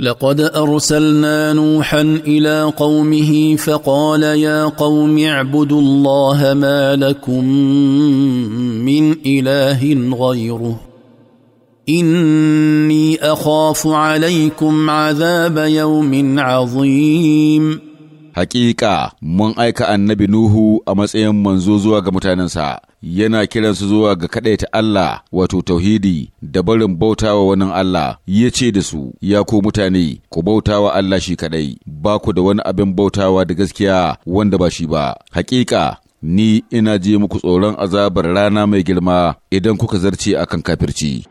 لقد ارسلنا نوحا الى قومه فقال يا قوم اعبدوا الله ما لكم من اله غيره اني اخاف عليكم عذاب يوم عظيم حقيقه من ايك النبي نوح a matsayin manzo zuwa ga yana kiran su zuwa ga kaɗaita Allah wato tauhidi da barin bautawa wani Allah ya ce da su ya ku mutane ku bautawa Allah shi kaɗai ba ku da wani abin bautawa da gaskiya wanda ba shi ba hakika ni ina ji muku tsoron azabar rana mai girma idan kuka zarce akan kafirci